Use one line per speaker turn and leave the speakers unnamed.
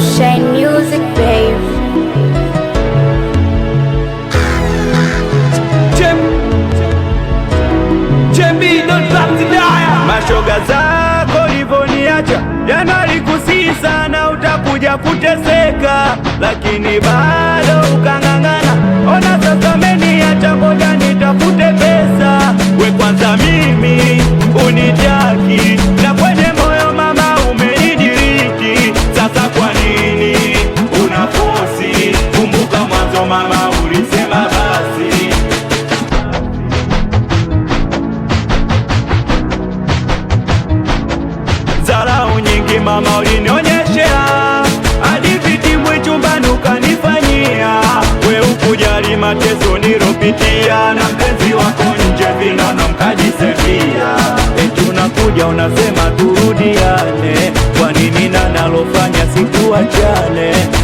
Shane Music, babe.
Mashoga zako livoniacha yanalikusii sana, utakuja kuteseka, lakini ba mama ulisema basi zarau nyingi mama ulinionyeshea hadi vitimwi chumbani ukanifanyia we ukujali mateso nilopitia na mpenzi wako nje vinono mkajisefia tunakuja unasema turudiane kwa nini nanalofanya sikuachane